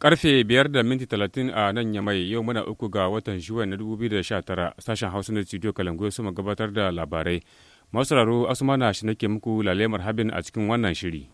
Karfe biyar da minti talatin a nan ya yamai yau muna uku ga watan Juwan na 2019 sashen Hausa na studio Kalangu ya suma gabatar da labarai. Masu raro Asuma na shi nake muku lalemar habin a cikin wannan shiri.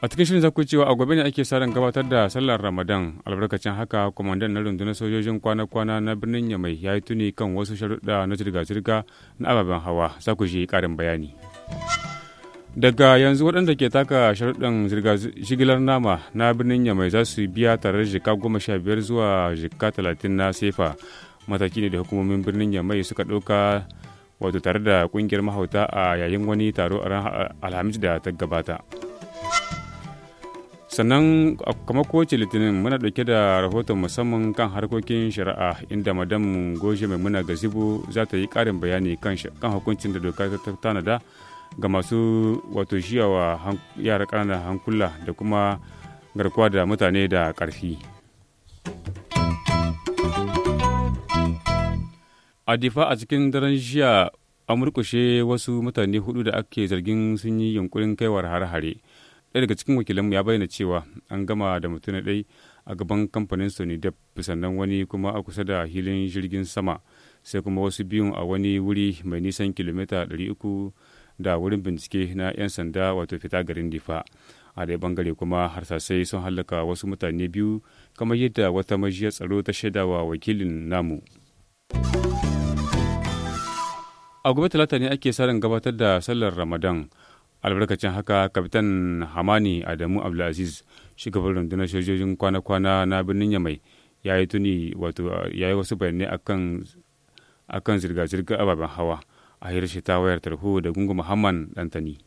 a cikin shirin za ku cewa a gobe ne ake sa gabatar da sallar ramadan albarkacin haka kwamandan na rundunar sojojin kwana-kwana na birnin yamai ya yi tuni kan wasu sharuɗa na jirga-jirga na ababen hawa za ku ji ƙarin bayani daga yanzu waɗanda ke taka sharuɗan jigilar nama na birnin yamai za su biya tare da jika goma sha biyar zuwa jika talatin na sefa mataki ne da hukumomin birnin yamai suka ɗauka wato tare da ƙungiyar mahauta a yayin wani taro a alhamis da ta gabata. sannan kamar kowace litinin muna dauke da rahoton musamman kan harkokin shari'a inda madam goje mai muna gazibu za ta yi karin bayani kan hukuncin da doka ta tanada ga masu wato shiyawa yara kanada hankula da kuma garkuwa da mutane da karfi. a difa a cikin daren jiya an murkushe wasu mutane hudu da ake zargin sun yi yunkurin kaiwar hare-hare ɗaya daga cikin wakilanmu ya bayyana cewa an gama da mutum na ɗai a gaban kamfanin da sannan wani kuma a kusa da hilin jirgin sama sai kuma wasu biyun a wani wuri mai nisan kilomita 300 da wurin bincike na 'yan sanda wato fita garin difa a ɗaya bangare kuma harsasai sun hallaka wasu mutane biyu kamar yadda wata majiyar tsaro ta wa wakilin namu. a gobe talata ne ake sa gabatar da sallar ramadan albarkacin haka kapitan hamani adamu abdulaziz shugaban rundunar sojojin kwana-kwana na birnin yamai ya yi tuni wato ya yi wasu bayanai akan zirga-zirgar ababen hawa a hirshe ta wayar tarho da gungu muhammad dantani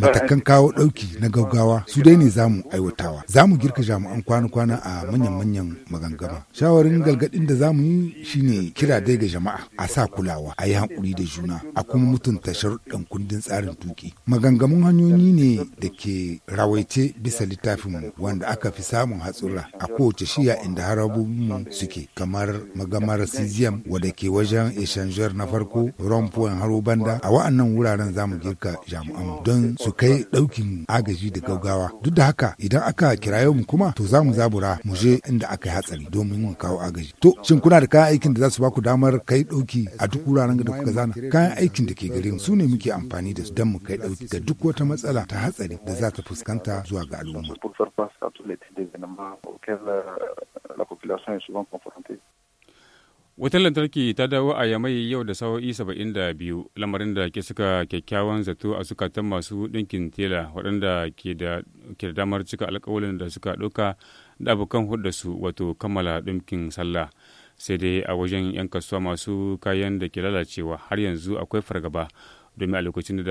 matakan kawo ɗauki na gaggawa su dai ne zamu aiwatawa zamu girka jami'an kwana-kwana a manyan-manyan magangama shawarin galgadin da zamu yi shine kira dai ga jama'a a sa kulawa a yi hankuri da juna a kuma mutunta sharuɗan kundin tsarin tuki maganganun hanyoyi ne da ke rawaice bisa littafin wanda aka fi samun hatsura a kowace shiya inda harabobinmu suke kamar magamar sizium wadda ke wajen isha Niger na farko Rompoint haro banda a wa'annan wuraren zamu girka jami'an don su kai ɗaukin agaji da gaugawa. Duk da haka idan aka kirayo mu kuma to zamu mu zabura mu je inda aka yi hatsari domin mu kawo agaji. To shin kuna da kayan aikin da za su ba ku damar kai dauki a duk wuraren da kuka zana? Kayan aikin da ke garin su ne muke amfani da su don mu kai dauki ga duk wata matsala ta hatsari da za ta fuskanta zuwa ga al'umma. Euh, la population est souvent confrontée. Wutar lantarki ta dawo a Yamai yau da sa'o'i saba'in da biyu, lamarin da ke suka kyakkyawan zato a sukatan masu ɗinkin tela waɗanda ke da damar cika alƙawalin da suka ɗauka da abokan su wato kammala ɗinkin sallah. Sai dai a wajen 'yan kasuwa masu kayan da ke lalacewa har yanzu akwai fargaba domin a lokacin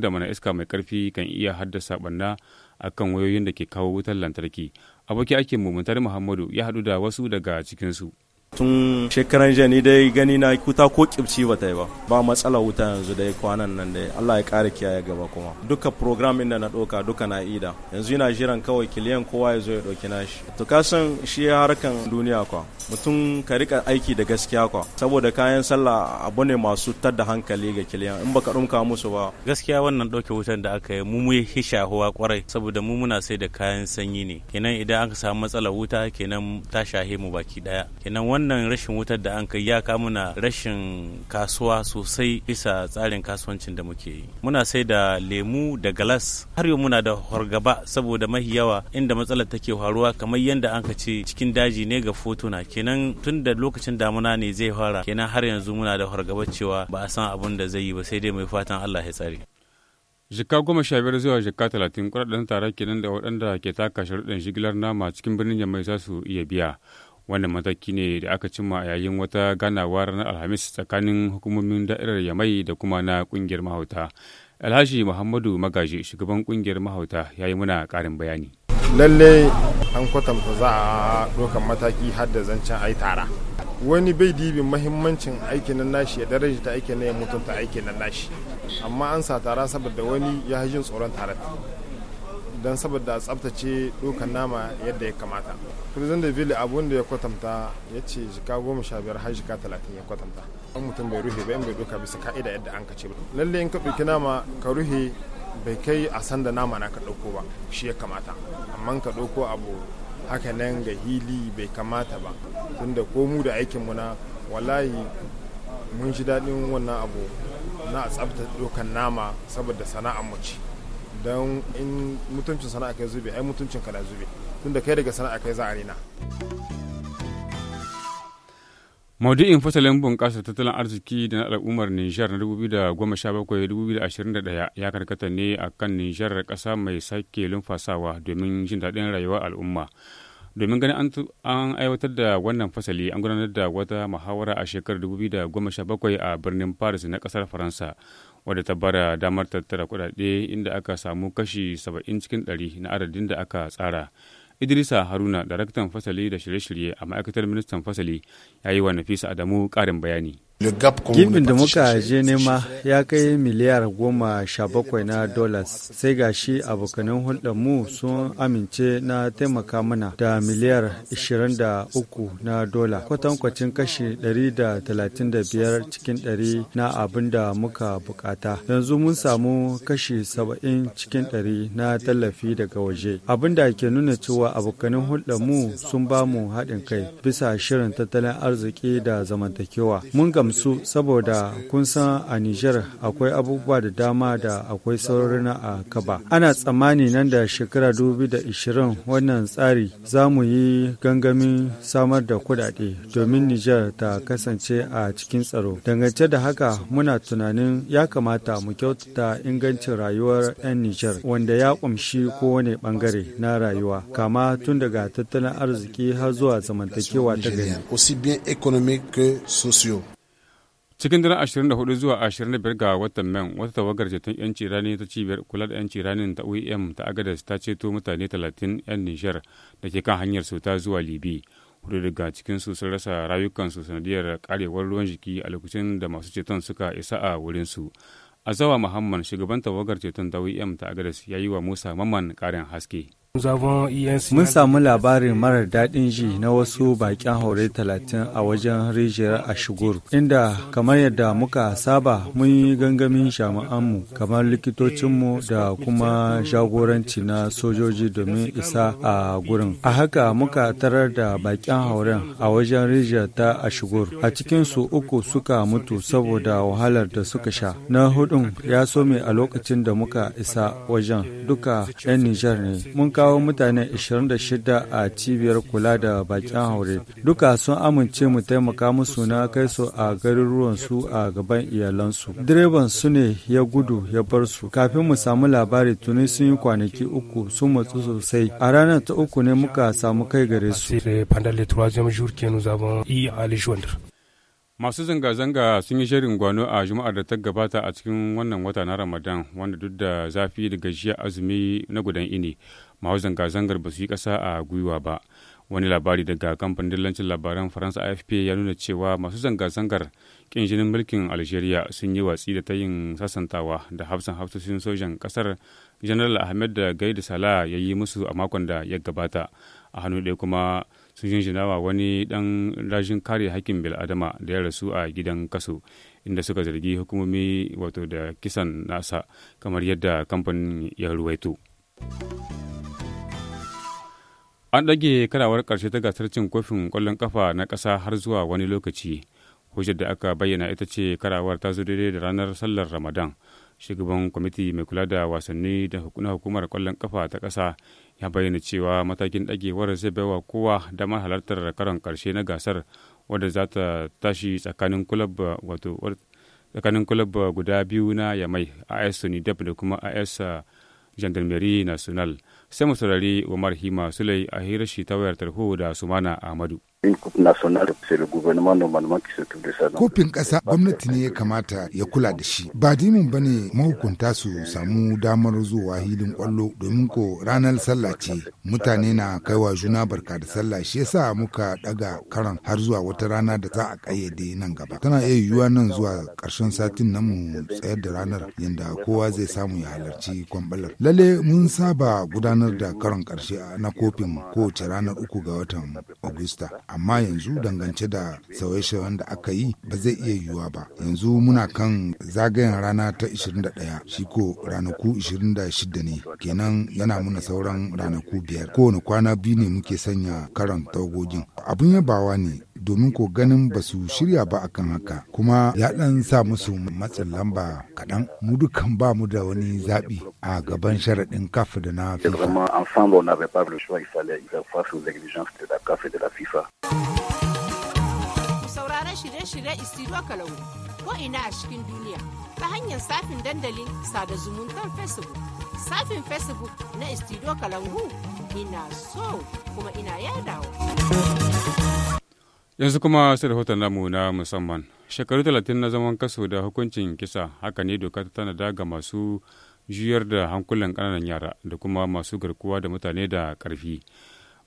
da mana iska mai karfi kan iya haddasa ɓanna akan wayoyin da ke kawo wutar lantarki aboki ake mumuntar muhammadu ya haɗu da wasu daga cikinsu. tun shekaran jani ni dai gani na kuta ko kibci ba yi ba ba matsala wuta yanzu dai kwanan nan dai Allah ya kare kiyaye gaba kuma duka program da na doka duka na ida yanzu ina jiran kawai kiliyan kowa ya zo ya doki nashi to ka san shi harkan duniya kwa mutum ka rika aiki da gaskiya kwa saboda kayan sallah abu ne masu tadda hankali ga kiliyan in baka dumka musu ba gaskiya wannan doke wutan da aka yi mu mu shahuwa kwarai saboda mu muna sai da kayan sanyi ne kenan idan aka samu matsala wuta kenan ta shahe mu baki daya kenan wannan rashin wutar da an kai ya muna rashin kasuwa sosai bisa tsarin kasuwancin da muke yi muna sai da lemu da galas har yau muna da horgaba saboda mahi yawa inda matsalar take faruwa kamar yadda an ce cikin daji ne ga fotuna kenan tun da lokacin damuna ne zai fara kenan har yanzu muna da horgaba cewa ba a san abun da zai yi ba sai dai mai fatan Allah ya tsare jika goma sha biyar zuwa jika talatin kudaden tara kenan da waɗanda ke taka sharuɗin jigilar nama cikin birnin yamai za su iya biya wannan mataki ne da aka cimma a yayin wata ganawa ranar alhamis tsakanin hukumomin da'irar yamai da kuma na kungiyar mahauta alhaji muhammadu magaji shugaban kungiyar mahauta ya yi muna karin bayani lalle an kwatanta za a dokan mataki har da zancen ai tara wani bai dibin mahimmancin aikin nan nashi ya daraja ta aikin nan ya mutunta aikin nan nashi amma an sa tara saboda wani ya yin tsoron tarar don saboda a tsabtace dokan nama yadda ya kamata Prison de ville abun da ya kwatanta ya ce jika goma sha biyar har jika talatin ya kwatanta an mutum bai rufe ba in bai doka bisa ka'ida yadda an kace ba lalle in ka ɗauki nama ka rufe bai kai a san da nama na ka ɗauko ba shi ya kamata amma ka ɗauko abu haka nan ga hili bai kamata ba tunda ko mu da aikin mu na wallahi mun ji daɗin wannan abu na a tsabtace dokan nama saboda sana'a mu ce don in mutuncin sana'a kai zube ai mutuncin ka da zube tunda kai daga sana'a kai za a rina. maudu'in fasalin bunƙasa tattalin arziki da na al'ummar nijar na 2017-2021 ya karkata ne a kan nijar ƙasa mai sake lumfasawa domin jin daɗin rayuwar al'umma domin ganin an aiwatar da wannan fasali an gudanar da wata muhawara a shekarar 2017 a birnin paris na ƙasar faransa wadda ta bara damar tattara kudade inda aka samu kashi 70 cikin 100 na adadin da aka tsara. Idrisa Haruna, daraktan fasali da shirye-shirye a ma'aikatar ministan fasali, ya yi wa Nafisa Adamu ƙarin bayani. Gibbin da muka je nema ya kai miliyar goma sha bakwai na dollars sai ga shi abokanin hulɗarmu sun amince na taimaka mana da miliyar 23 na dola kwatankwacin kashi 135 cikin 100 na abin da muka bukata. Yanzu mun samu kashi 70 cikin 100 na tallafi daga waje. Abin da ke nuna cewa abokanin hulɗarmu sun ba mu haɗin kai bisa shirin tattalin arziki da zamantakewa. Mun gamsu saboda kun san a Nijar akwai abubuwa da dama da akwai saurari a kaba. Ana tsammani nan da shekara 2020 wannan tsari za mu yi gangamin samar da kudade domin Nijar ta kasance a cikin tsaro. Dangance da haka muna tunanin ya kamata mu kyautata ingancin rayuwar 'yan Nijar wanda ya kumshi kowane bangare na rayuwa kama tun daga tattalin arziki har zuwa zamantakewa ta gari. cikin dana 24 zuwa 25 ga watan man wata tawagar ceton yanci rani ta cibiyar kula da yanci ranin ta oem ta agadas ta ceto mutane 30 'yan nishar da ke kan hanyar su ta zuwa libi hudu daga cikin su sun rasa rayukansu sanadiyar karewar ruwan jiki a lokacin da masu ceton suka isa a wurin su azawa muhammad shugaban tawagar ceton ta oem ta agadas ya yi wa musa maman karin haske Mun samu labarin marar daɗin ji na wasu baƙin haure talatin a wajen rijiyar Ashigur, inda kamar yadda muka saba mun yi gangamin jami'anmu kamar likitocinmu da kuma jagoranci na sojoji domin isa a gurin. A haka muka tarar da baƙin hauren a wajen rijiyar ta Ashigur. A cikinsu uku suka mutu saboda wahalar da suka sha. Na hudun ya some a lokacin da muka isa wajen duka 'yan Nijar ne. Mun kawo mutane 26 a cibiyar kula da bakin haure. Duka sun amince mu taimaka musu na kai su a garuruwan su a gaban iyalansu. Direban su ne ya gudu ya bar su. Kafin mu samu labari tuni sun yi kwanaki uku sun matsu sosai. A ranar ta uku ne muka samu kai gare su. Masu zanga-zanga sun yi shirin gwano a Juma'ar da ta gabata a cikin wannan wata na Ramadan wanda duk da zafi da gajiya azumi na gudan ini, masu zanga-zangar ba su yi kasa a gwiwa ba. Wani labari daga kamfanin dillancin labaran Faransa AFP ya nuna cewa masu zanga-zangar kin jinin mulkin Algeria sun yi watsi da ta yin sasantawa da hafsan hafsoshin sojan kasar General Ahmed da Gaida sala ya yi musu a makon da ya gabata. A hannu ɗaya kuma sun jinjinawa wani dan rajin kare hakkin bil'adama da ya rasu a gidan kaso inda suka zargi hukumomi wato da kisan nasa kamar yadda kamfanin ya ruwaito. An ɗage karawar ƙarshe ta gasar cin kofin ƙwallon ƙafa na ƙasa har zuwa wani lokaci. Hujjar da aka bayyana ita ce karawar ta zo daidai da ranar sallar Ramadan. Shugaban kwamiti mai kula da wasanni da na hukumar ƙwallon ƙafa ta ƙasa ya bayyana cewa matakin ɗagewar zai baiwa kowa damar halartar karon karshe na gasar wadda za ta tashi tsakanin kulab wato tsakanin kulab guda biyu na yamai as sunidep da kuma as gendarmerie national sai mu saurari Umar Hima Sulai a hirar shi ta wayar tarho da Sumana Ahmadu. Kofin ƙasa gwamnati ne ya kamata ya kula da shi. Ba dimin ba ne mahukunta su samu damar zuwa hilin kwallo domin ko ranar sallah ce mutane na kaiwa juna barka da sallah shi yasa muka daga karan har zuwa wata rana da za a kayyade nan gaba. Tana iya yiwuwa nan zuwa ƙarshen satin nan mu tsayar da ranar yadda kowa zai samu ya halarci kwambalar. Lalle mun saba gudanar gudanar da karon karshe na kofin kowace ranar uku ga watan Agusta. Amma yanzu dangance da sauye-sauyen da aka yi ba zai iya yiwuwa ba. Yanzu muna kan zagayen rana ta 21 shi ko ranaku 26 ne kenan yana muna sauran ranaku biyar. Kowane kwana biyu ne muke sanya karon tagogin. Abun yabawa ne domin ko ganin ba su shirya ba akan haka kuma ya dan sa musu matsin lamba kaɗan mu dukan ba mu da wani zaɓi a gaban sharaɗin kaf da na FIFA. Sauraron shirye-shirye Istiro Kalau ko ina a cikin duniya ta hanyar safin dandalin sada zumuntar Facebook. Safin Facebook na Istiro Kalangu ina so kuma ina yadawa. yanzu kuma sai rahoton namu na musamman shekaru talatin na zaman kaso da hukuncin kisa haka ne doka ta tanada ga masu juyar da hankulan ƙananan yara da kuma masu garkuwa da mutane da karfi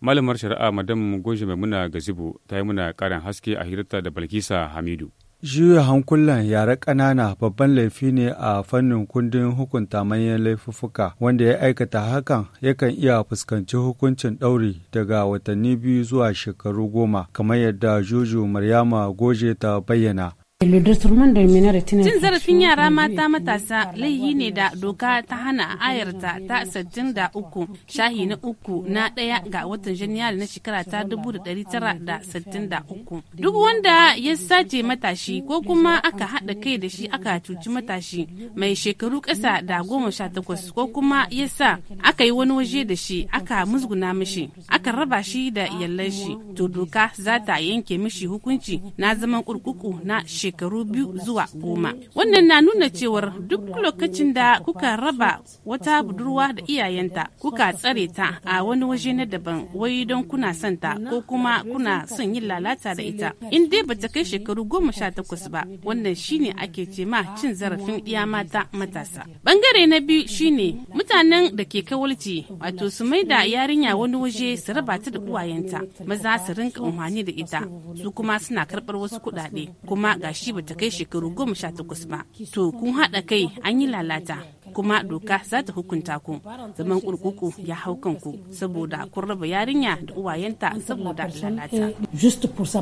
malamar shari'a madam mai muna gazibo ta yi muna ƙarin haske a hirarta da balkisa hamidu Juya hankulan yare ƙanana babban laifi ne a fannin kundin hukunta manyan laifuffuka wanda ya aikata hakan yakan iya fuskanci hukuncin ɗauri daga watanni biyu zuwa shekaru goma kamar yadda Juju Maryama Goje ta bayyana. Cin zarafin yara mata matasa laifi ne da doka ta hana a ayarta ta sattin da uku shahi na uku na ɗaya ga watan janairu na shekara ta dubu da dari tara da sattin da uku. Duk wanda ya sace matashi ko kuma aka haɗa kai da shi aka cuci matashi mai shekaru kasa da goma sha takwas ko kuma ya sa aka yi wani waje da shi aka musguna mishi aka raba shi da yallan shi to doka za ta yanke mishi hukunci na zaman kurkuku na shekaru. shekaru biyu zuwa goma wannan na nuna cewar duk lokacin da kuka raba wata budurwa da iyayenta kuka tsare ta a wani waje na daban wai don kuna son ta ko kuma kuna son yin lalata da ita in dai bata kai shekaru goma sha takwas ba wannan shine ake ce ma cin zarafin iya mata matasa bangare na biyu shine mutanen da ke kawalci wato su mai da yarinya wani waje su raba ta da uwayenta maza su rinka umarni da ita su kuma suna karɓar wasu kuɗaɗe kuma shi. shi ta kai shekaru goma sha takwas ba to kun haɗa kai an yi lalata kuma doka za ta hukunta ku zaman kurkuku ya hau kanku saboda kun raba yarinya da uwayenta saboda lalata. Just pour ça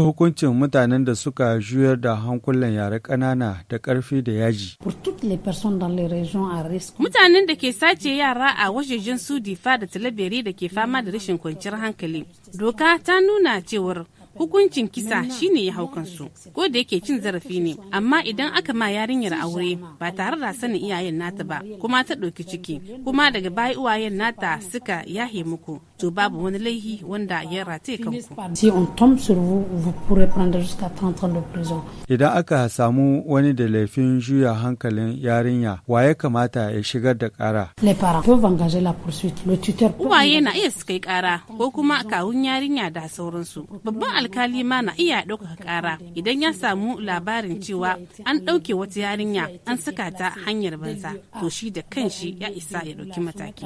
hukuncin mutanen da suka juyar da hankulan yare ƙanana da ƙarfi da yaji. toutes les personnes Mutanen da ke sace yara a wajejen su difa da talabere da ke fama da rashin kwanciyar hankali. Doka ta nuna cewar hukuncin kisa shine ya hau kansu ko da yake cin zarafi ne amma idan aka ma yarinyar aure ba tare da sanin iyayen nata ba kuma ta ɗauki ciki kuma daga baya uwayen nata suka yahe muku to babu wani laihi wanda ya rataye kanku idan aka samu wani da laifin juya hankalin yarinya wa ya kamata ya shigar da kara uwaye na iya suka yi kara ko kuma kawun yarinya da sauransu babban alkali ma na iya ɗaukaka ƙara idan ya samu labarin cewa an ɗauke wata yarinya an saka ta hanyar banza to shi da kanshi ya isa ya ɗauki mataki.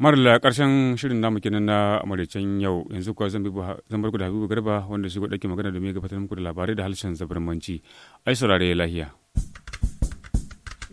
marla ƙarshen shirin namu kenan na amaraicen yau yanzu kuwa zan barku da habibu garba wanda shi ɗauke magana domin gabatar muku da labarai da harshen zabarmanci ai saurare lahiya